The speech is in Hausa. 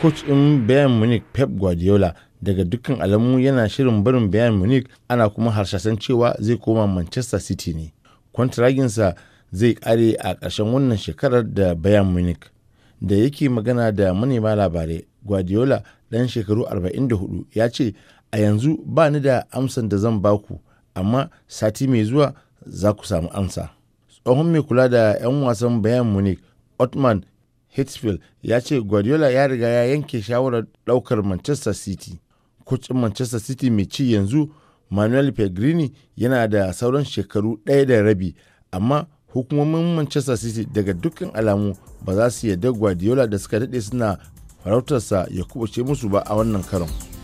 coach in Bayern Munich Pep Guardiola daga dukkan alamu yana shirin barin Bayern Munich ana kuma harshasan cewa zai koma Manchester City ne. Kwantaraginsa zai kare a ƙarshen wannan shekarar da Bayern Munich. Da yake magana da manema labarai, Guardiola ɗan shekaru 44 ya ce, "A yanzu ba ni da amsan da zan baku, amma sati mai zuwa za ku samu amsa." Tsohon mai kula da 'yan wasan Bayern Munich, Otman Hitchfield ya ce Guardiola ya riga ya yanke shawarar ɗaukar Manchester City. Kucin Manchester City mai ci yanzu Manuel Pellegrini yana da sauran shekaru ɗaya da rabi, amma hukumomin Manchester City daga dukkan alamu ba za su yarda Guardiola da suka daɗe suna farautarsa ya kubuce musu ba a wannan karon.